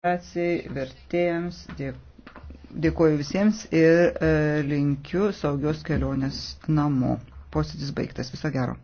administracijai, vertėjams, dėkoju visiems ir e, linkiu saugios kelionės namo. Posėdis baigtas. Viso gero.